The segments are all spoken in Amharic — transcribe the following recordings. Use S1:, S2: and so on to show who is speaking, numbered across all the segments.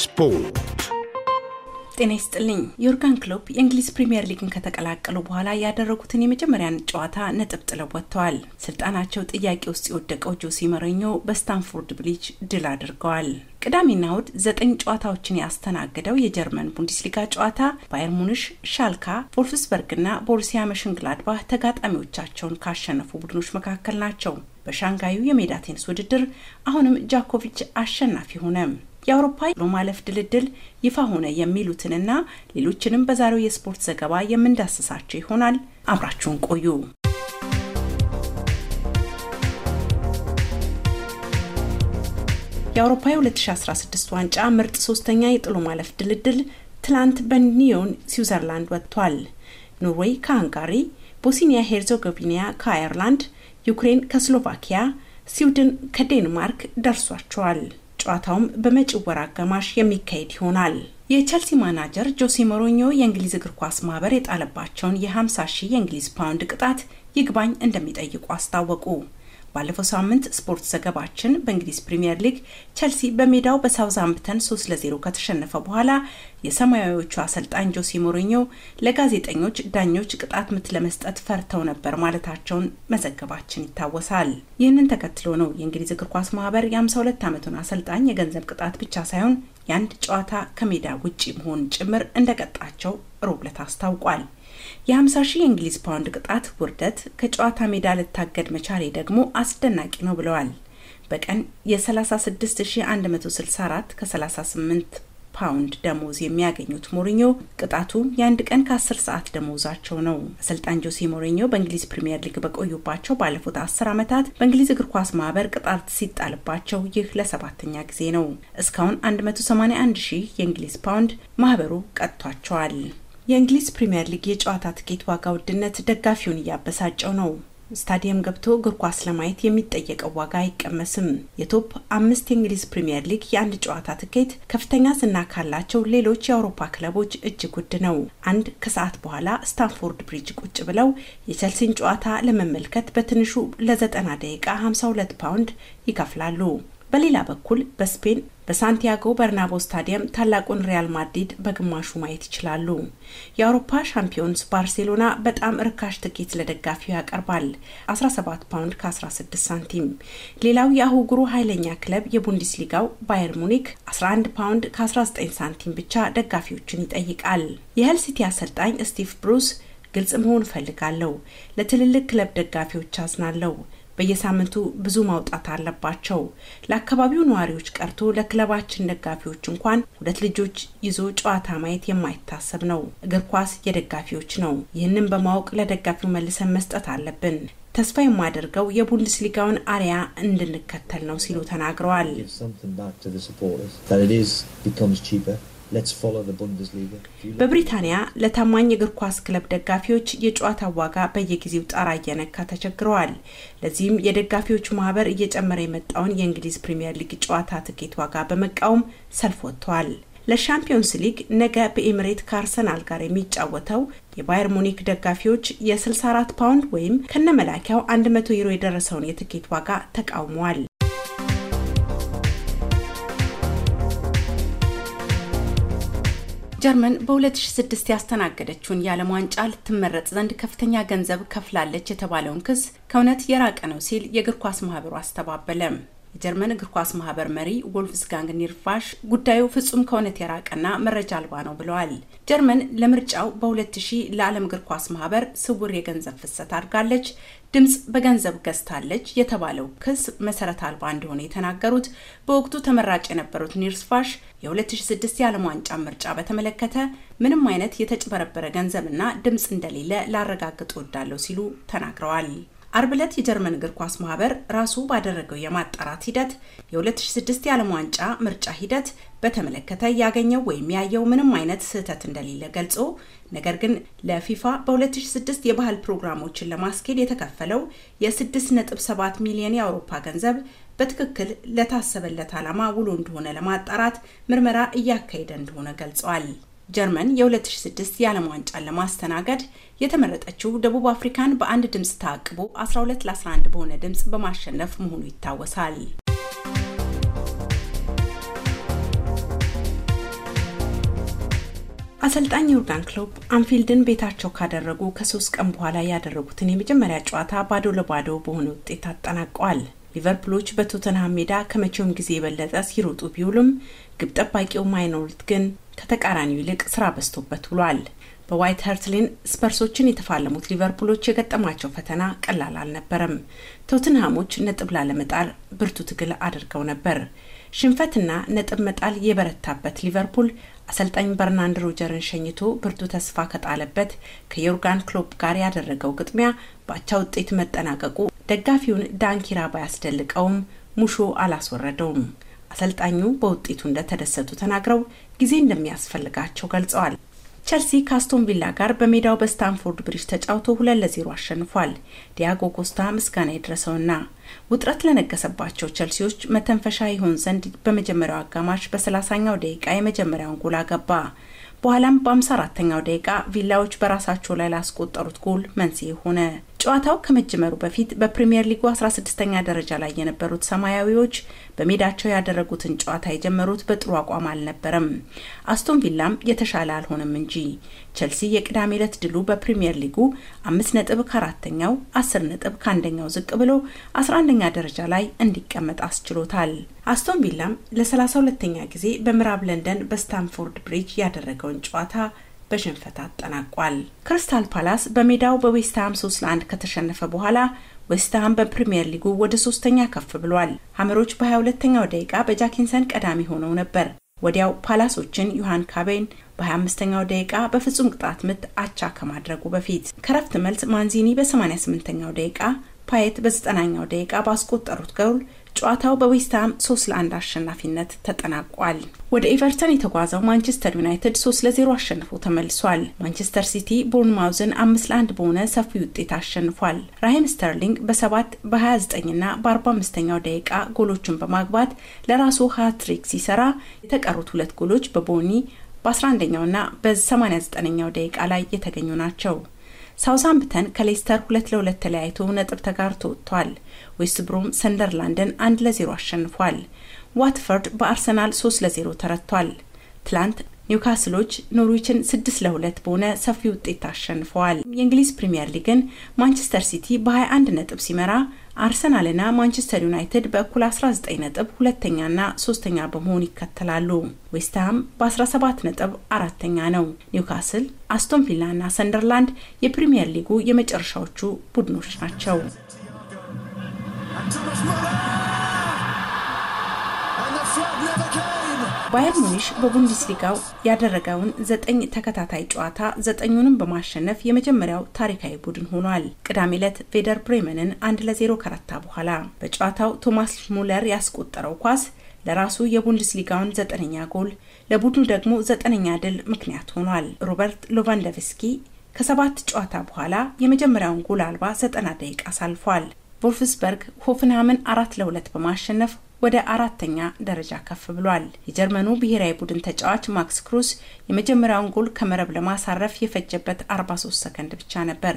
S1: ስፖርት ጤና ይስጥልኝ። ዮርጋን ክሎፕ የእንግሊዝ ፕሪምየር ሊግን ከተቀላቀሉ በኋላ ያደረጉትን የመጀመሪያን ጨዋታ ነጥብ ጥለው ወጥተዋል። ስልጣናቸው ጥያቄ ውስጥ የወደቀው ጆሲ መረኞ በስታንፎርድ ብሪጅ ድል አድርገዋል። ቅዳሜና እሁድ ዘጠኝ ጨዋታዎችን ያስተናገደው የጀርመን ቡንደስሊጋ ጨዋታ ባየር ሙኒሽ፣ ሻልካ፣ ና ቦሩሲያ መሽንግላድባህ ተጋጣሚዎቻቸውን ካሸነፉ ቡድኖች መካከል ናቸው። በሻንጋዩ የሜዳ ቴኒስ ውድድር አሁንም ጃኮቪች አሸናፊ ሆነ። የአውሮፓ የማለፍ ድልድል ይፋ ሆነ የሚሉትንና ሌሎችንም በዛሬው የስፖርት ዘገባ የምንዳስሳቸው ይሆናል። አብራችሁን ቆዩ። የአውሮፓ 2016 ዋንጫ ምርጥ ሶስተኛ የጥሎ ማለፍ ድልድል ትላንት በኒዮን ስዊዘርላንድ ወጥቷል። ኖርዌይ ከሃንጋሪ፣ ቦስኒያ ሄርዘጎቪና ከአየርላንድ፣ ዩክሬን ከስሎቫኪያ፣ ስዊድን ከዴንማርክ ደርሷቸዋል። ጨዋታውም በመጪው ወር አጋማሽ የሚካሄድ ይሆናል። የቸልሲ ማናጀር ጆሴ ሞሪኞ የእንግሊዝ እግር ኳስ ማህበር የጣለባቸውን የ50 ሺህ የእንግሊዝ ፓውንድ ቅጣት ይግባኝ እንደሚጠይቁ አስታወቁ። ባለፈው ሳምንት ስፖርት ዘገባችን በእንግሊዝ ፕሪምየር ሊግ ቸልሲ በሜዳው በሳውዝሃምፕተን 3 ለ0 ከተሸነፈ በኋላ የሰማያዊዎቹ አሰልጣኝ ጆሲ ሞሪኞ ለጋዜጠኞች ዳኞች ቅጣት ምት ለመስጠት ፈርተው ነበር ማለታቸውን መዘገባችን ይታወሳል። ይህንን ተከትሎ ነው የእንግሊዝ እግር ኳስ ማህበር የ52 ዓመቱን አሰልጣኝ የገንዘብ ቅጣት ብቻ ሳይሆን የአንድ ጨዋታ ከሜዳ ውጪ መሆን ጭምር እንደቀጣቸው ሮብለት አስታውቋል። የ50 ሺህ የእንግሊዝ ፓውንድ ቅጣት ውርደት ከጨዋታ ሜዳ ልታገድ መቻሌ ደግሞ አስደናቂ ነው ብለዋል። በቀን የ36164 ከ38 ፓውንድ ደሞዝ የሚያገኙት ሞሪኞ ቅጣቱ የአንድ ቀን ከ10 ሰዓት ደሞዛቸው ነው። አሰልጣኝ ጆሴ ሞሪኞ በእንግሊዝ ፕሪምየር ሊግ በቆዩባቸው ባለፉት አስር ዓመታት በእንግሊዝ እግር ኳስ ማህበር ቅጣት ሲጣልባቸው ይህ ለሰባተኛ ጊዜ ነው። እስካሁን 181 ሺህ የእንግሊዝ ፓውንድ ማህበሩ ቀጥቷቸዋል። የእንግሊዝ ፕሪምየር ሊግ የጨዋታ ትኬት ዋጋ ውድነት ደጋፊውን እያበሳጨው ነው። ስታዲየም ገብቶ እግር ኳስ ለማየት የሚጠየቀው ዋጋ አይቀመስም። የቶፕ አምስት የእንግሊዝ ፕሪምየር ሊግ የአንድ ጨዋታ ትኬት ከፍተኛ ዝና ካላቸው ሌሎች የአውሮፓ ክለቦች እጅግ ውድ ነው። አንድ ከሰዓት በኋላ ስታንፎርድ ብሪጅ ቁጭ ብለው የቸልሲን ጨዋታ ለመመልከት በትንሹ ለ90 ደቂቃ 52 ፓውንድ ይከፍላሉ። በሌላ በኩል በስፔን በሳንቲያጎ በርናቦ ስታዲየም ታላቁን ሪያል ማድሪድ በግማሹ ማየት ይችላሉ። የአውሮፓ ሻምፒዮንስ ባርሴሎና በጣም ርካሽ ትኬት ለደጋፊው ያቀርባል፣ 17 ፓውንድ ከ16 ሳንቲም። ሌላው የአህጉሩ ኃይለኛ ክለብ የቡንደስሊጋው ባየር ሙኒክ 11 ፓውንድ ከ19 ሳንቲም ብቻ ደጋፊዎችን ይጠይቃል። የሄል ሲቲ አሰልጣኝ ስቲቭ ብሩስ ግልጽ መሆን እፈልጋለሁ፣ ለትልልቅ ክለብ ደጋፊዎች አዝናለሁ በየሳምንቱ ብዙ ማውጣት አለባቸው። ለአካባቢው ነዋሪዎች ቀርቶ ለክለባችን ደጋፊዎች እንኳን ሁለት ልጆች ይዞ ጨዋታ ማየት የማይታሰብ ነው። እግር ኳስ የደጋፊዎች ነው። ይህንን በማወቅ ለደጋፊው መልሰን መስጠት አለብን። ተስፋ የማደርገው የቡንደስሊጋውን አሪያ እንድንከተል ነው ሲሉ ተናግረዋል። በብሪታንያ ለታማኝ እግር ኳስ ክለብ ደጋፊዎች የጨዋታ ዋጋ በየጊዜው ጣራ እየነካ ተቸግረዋል። ለዚህም የደጋፊዎች ማህበር እየጨመረ የመጣውን የእንግሊዝ ፕሪምየር ሊግ ጨዋታ ትኬት ዋጋ በመቃወም ሰልፍ ወጥተዋል። ለሻምፒዮንስ ሊግ ነገ በኤምሬት ከአርሰናል ጋር የሚጫወተው የባየር ሙኒክ ደጋፊዎች የ64 ፓውንድ ወይም ከነመላኪያው 100 ዩሮ የደረሰውን የትኬት ዋጋ ተቃውመዋል። ጀርመን በ2006 ያስተናገደችውን የዓለም ዋንጫ ልትመረጥ ዘንድ ከፍተኛ ገንዘብ ከፍላለች የተባለውን ክስ ከእውነት የራቀ ነው ሲል የእግር ኳስ ማህበሩ አስተባበለም። የጀርመን እግር ኳስ ማህበር መሪ ወልፍስጋንግ ኒርፋሽ ጉዳዩ ፍጹም ከእውነት የራቀና መረጃ አልባ ነው ብለዋል። ጀርመን ለምርጫው በ2000 ለዓለም እግር ኳስ ማህበር ስውር የገንዘብ ፍሰት አድርጋለች፣ ድምፅ በገንዘብ ገዝታለች የተባለው ክስ መሰረት አልባ እንደሆነ የተናገሩት በወቅቱ ተመራጭ የነበሩት ኒርስፋሽ የ2006 የዓለም ዋንጫ ምርጫ በተመለከተ ምንም አይነት የተጭበረበረ ገንዘብና ድምፅ እንደሌለ ላረጋግጥ እወዳለሁ ሲሉ ተናግረዋል። አርብ ዕለት የጀርመን እግር ኳስ ማህበር ራሱ ባደረገው የማጣራት ሂደት የ2006 የዓለም ዋንጫ ምርጫ ሂደት በተመለከተ ያገኘው ወይም ያየው ምንም አይነት ስህተት እንደሌለ ገልጾ ነገር ግን ለፊፋ በ2006 የባህል ፕሮግራሞችን ለማስኬድ የተከፈለው የ6.7 ሚሊዮን የአውሮፓ ገንዘብ በትክክል ለታሰበለት ዓላማ ውሎ እንደሆነ ለማጣራት ምርመራ እያካሄደ እንደሆነ ገልጸዋል። ጀርመን የ2006 የዓለም ዋንጫን ለማስተናገድ የተመረጠችው ደቡብ አፍሪካን በአንድ ድምፅ ታቅቦ 12 ለ11 በሆነ ድምፅ በማሸነፍ መሆኑ ይታወሳል። አሰልጣኝ ዮርጋን ክሎፕ አንፊልድን ቤታቸው ካደረጉ ከሶስት ቀን በኋላ ያደረጉትን የመጀመሪያ ጨዋታ ባዶ ለባዶ በሆነ ውጤት አጠናቀዋል። ሊቨርፑሎች በቶተንሃም ሜዳ ከመቼውም ጊዜ የበለጠ ሲሮጡ ቢውሉም ግብ ጠባቂው ማይኖርት ግን ከተቃራኒው ይልቅ ስራ በዝቶበት ውሏል። በዋይት ሀርት ሌን ስፐርሶችን የተፋለሙት ሊቨርፑሎች የገጠማቸው ፈተና ቀላል አልነበረም። ቶትንሃሞች ነጥብ ላለመጣል ብርቱ ትግል አድርገው ነበር። ሽንፈትና ነጥብ መጣል የበረታበት ሊቨርፑል አሰልጣኝ በርናንድ ሮጀርን ሸኝቶ ብርቱ ተስፋ ከጣለበት ከዮርጋን ክሎፕ ጋር ያደረገው ግጥሚያ በአቻ ውጤት መጠናቀቁ ደጋፊውን ዳንኪራ ባያስደልቀውም ሙሾ አላስወረደውም። አሰልጣኙ በውጤቱ እንደተደሰቱ ተናግረው ጊዜ እንደሚያስፈልጋቸው ገልጸዋል። ቸልሲ ከአስቶን ቪላ ጋር በሜዳው በስታንፎርድ ብሪጅ ተጫውቶ ሁለት ለዜሮ አሸንፏል። ዲያጎ ኮስታ ምስጋና የደረሰውና። ውጥረት ለነገሰባቸው ቸልሲዎች መተንፈሻ ይሆን ዘንድ በመጀመሪያው አጋማሽ በ30ኛው ደቂቃ የመጀመሪያውን ጎል አገባ። በኋላም በ5ሳ በ54ኛው ደቂቃ ቪላዎች በራሳቸው ላይ ላስቆጠሩት ጎል መንስኤ ሆነ። ጨዋታው ከመጀመሩ በፊት በፕሪምየር ሊጉ 16ኛ ደረጃ ላይ የነበሩት ሰማያዊዎች በሜዳቸው ያደረጉትን ጨዋታ የጀመሩት በጥሩ አቋም አልነበረም። አስቶን ቪላም የተሻለ አልሆነም እንጂ ቸልሲ የቅዳሜ ዕለት ድሉ በፕሪምየር ሊጉ አምስት ነጥብ ከአራተኛው አስር ነጥብ ከአንደኛው ዝቅ ብሎ አስራ አንደኛ ደረጃ ላይ እንዲቀመጥ አስችሎታል። አስቶን ቪላም ለሰላሳ ሁለተኛ ጊዜ በምዕራብ ለንደን በስታንፎርድ ብሪጅ ያደረገውን ጨዋታ በሽንፈት አጠናቋል። ክሪስታል ፓላስ በሜዳው በዌስትሃም ለ1 ከተሸነፈ በኋላ ዌስትሃም በፕሪምየር ሊጉ ወደ ሶስተኛ ከፍ ብሏል። ሀመሮች በ22ኛው ደቂቃ በጃኪንሰን ቀዳሚ ሆነው ነበር። ወዲያው ፓላሶችን ዮሐን ካቤን በ25ኛው ደቂቃ በፍጹም ቅጣት ምት አቻ ከማድረጉ በፊት ከረፍት መልስ ማንዚኒ በ88ኛው ደቂቃ ፓየት በ90ኛው ደቂቃ ባስቆጠሩት ገውል ጨዋታው በዌስትሃም ሶስት ለአንድ አሸናፊነት ተጠናቋል። ወደ ኤቨርተን የተጓዘው ማንቸስተር ዩናይትድ ሶስት ለዜሮ አሸንፎ ተመልሷል። ማንቸስተር ሲቲ ቦርንማውዝን አምስት ለአንድ በሆነ ሰፊ ውጤት አሸንፏል። ራሂም ስተርሊንግ በሰባት በ29 ና በ45ኛው ደቂቃ ጎሎቹን በማግባት ለራሱ ሃትሪክ ሲሰራ የተቀሩት ሁለት ጎሎች በቦኒ በ11ኛው ና በ89ኛው ደቂቃ ላይ የተገኙ ናቸው። ሳውዛምፕተን ከሌስተር ሁለት ለሁለት ተለያይቶ ነጥብ ተጋርቶ ወጥቷል። ዌስት ብሮም ሰንደርላንድን አንድ ለዜሮ አሸንፏል። ዋትፈርድ በአርሰናል ሶስት ለዜሮ ተረቷል። ትላንት ኒውካስሎች ኖርዊችን ስድስት ለሁለት በሆነ ሰፊ ውጤት አሸንፈዋል። የእንግሊዝ ፕሪምየር ሊግን ማንቸስተር ሲቲ በ21 ነጥብ ሲመራ አርሰናልና ማንቸስተር ዩናይትድ በእኩል 19 ነጥብ ሁለተኛና ሶስተኛ በመሆን ይከተላሉ። ዌስትሃም በ17 ነጥብ አራተኛ ነው። ኒውካስል፣ አስቶን ቪላና ሰንደርላንድ የፕሪምየር ሊጉ የመጨረሻዎቹ ቡድኖች ናቸው። ባየር ሙኒሽ በቡንደስሊጋው ያደረገውን ዘጠኝ ተከታታይ ጨዋታ ዘጠኙንም በማሸነፍ የመጀመሪያው ታሪካዊ ቡድን ሆኗል። ቅዳሜ ዕለት ቬደር ብሬመንን አንድ ለዜሮ ከረታ በኋላ በጨዋታው ቶማስ ሙለር ያስቆጠረው ኳስ ለራሱ የቡንደስሊጋውን ዘጠነኛ ጎል ለቡድኑ ደግሞ ዘጠነኛ ድል ምክንያት ሆኗል። ሮበርት ሎቫንዶቭስኪ ከሰባት ጨዋታ በኋላ የመጀመሪያውን ጎል አልባ ዘጠና ደቂቃ አሳልፏል። ቮልፍስበርግ ሆፍንሃምን አራት ለሁለት በማሸነፍ ወደ አራተኛ ደረጃ ከፍ ብሏል። የጀርመኑ ብሔራዊ ቡድን ተጫዋች ማክስ ክሩስ የመጀመሪያውን ጎል ከመረብ ለማሳረፍ የፈጀበት 43 ሰከንድ ብቻ ነበር።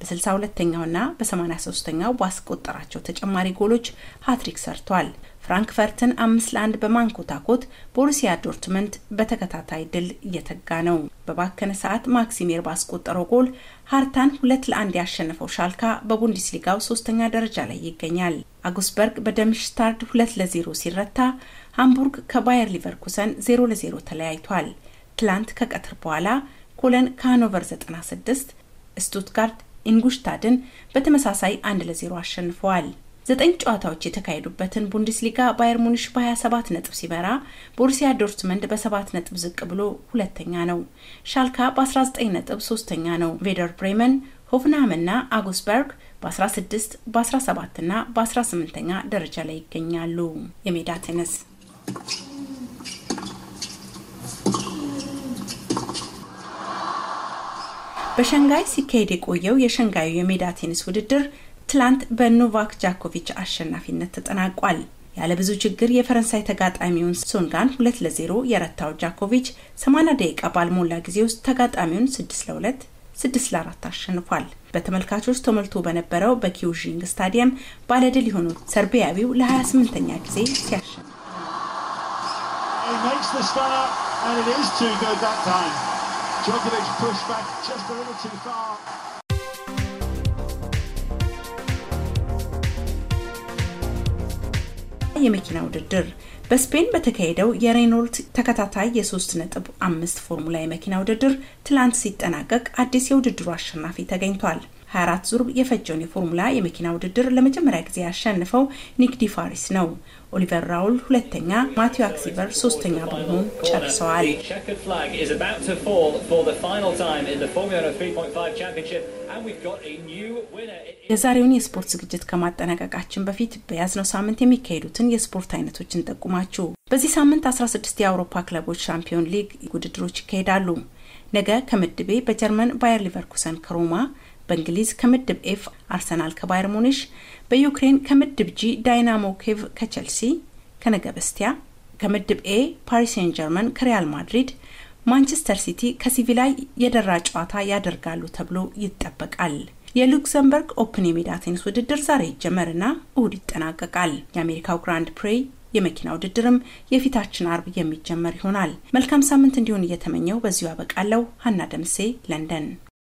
S1: በ62ኛውና በ83ኛው ባስቆጠራቸው ተጨማሪ ጎሎች ሀትሪክ ሰርቷል። ፍራንክፈርትን አምስት ለአንድ በማንኮታኮት ቦሩሲያ ዶርትመንት በተከታታይ ድል እየተጋ ነው። በባከነ ሰዓት ማክሲሜር ባስቆጠረው ጎል ሃርታን ሁለት ለአንድ ያሸነፈው ሻልካ በቡንደስሊጋው ሶስተኛ ደረጃ ላይ ይገኛል። አጉስበርግ በደምሽታርድ ሁለት ለዜሮ ሲረታ ሃምቡርግ ከባየር ሊቨርኩሰን ዜሮ ለዜሮ ተለያይቷል። ትላንት ከቀትር በኋላ ኮለን ከሃኖቨር 96 ስቱትጋርት ኢንጉሽታድን በተመሳሳይ አንድ ለዜሮ አሸንፈዋል። ዘጠኝ ጨዋታዎች የተካሄዱበትን ቡንደስሊጋ ባየር ሙኒሽ በ27 ነጥብ ሲመራ ቦሩሲያ ዶርትመንድ በ7 ነጥብ ዝቅ ብሎ ሁለተኛ ነው። ሻልካ በ19 ነጥብ ሶስተኛ ነው። ቬደር ብሬመን፣ ሆፍንሃም እና አጉስበርግ በ16 በ17 እና በ18ኛ ደረጃ ላይ ይገኛሉ። የሜዳ ቴኒስ በሸንጋይ ሲካሄድ የቆየው የሸንጋዩ የሜዳ ቴኒስ ውድድር ትላንት በኖቫክ ጃኮቪች አሸናፊነት ተጠናቋል። ያለ ብዙ ችግር የፈረንሳይ ተጋጣሚውን ሶንጋን ሁለት ለዜሮ የረታው ጃኮቪች 80 ደቂቃ ባልሞላ ጊዜ ውስጥ ተጋጣሚውን ስድስት ለሁለት ስድስት ለአራት አሸንፏል። በተመልካቾች ተሞልቶ በነበረው በኪውዥንግ ስታዲየም ባለድል የሆኑት ሰርቢያዊው ለ28ኛ ጊዜ ሲያሸንፍ የመኪና ውድድር በስፔን በተካሄደው የሬኖልት ተከታታይ የሶስት ነጥብ አምስት ፎርሙላ የመኪና ውድድር ትላንት ሲጠናቀቅ አዲስ የውድድሩ አሸናፊ ተገኝቷል። 24 ዙር የፈጀውን የፎርሙላ የመኪና ውድድር ለመጀመሪያ ጊዜ ያሸንፈው ኒክ ዲፋሪስ ነው። ኦሊቨር ራውል ሁለተኛ፣ ማቴው አክሲቨር ሶስተኛ በመሆን ጨርሰዋል። የዛሬውን የስፖርት ዝግጅት ከማጠናቀቃችን በፊት በያዝነው ሳምንት የሚካሄዱትን የስፖርት አይነቶችን ጠቁማችሁ። በዚህ ሳምንት 16 የአውሮፓ ክለቦች ሻምፒዮን ሊግ ውድድሮች ይካሄዳሉ። ነገ ከምድቤ በጀርመን ባየር ሊቨርኩሰን ከሮማ በእንግሊዝ ከምድብ ኤፍ አርሰናል ከባየር ሙኒሽ፣ በዩክሬን ከምድብ ጂ ዳይናሞ ኬቭ ከቸልሲ ከነገ በስቲያ፣ ከምድብ ኤ ፓሪስ ሴን ጀርመን ከሪያል ማድሪድ፣ ማንቸስተር ሲቲ ከሲቪ ላይ የደራ ጨዋታ ያደርጋሉ ተብሎ ይጠበቃል። የሉክሰምበርግ ኦፕን የሜዳ ቴኒስ ውድድር ዛሬ ይጀመርና እሁድ ይጠናቀቃል። የአሜሪካው ግራንድ ፕሬይ የመኪና ውድድርም የፊታችን አርብ የሚጀመር ይሆናል። መልካም ሳምንት እንዲሆን እየተመኘው በዚሁ ያበቃለው። ሀና ደምሴ ለንደን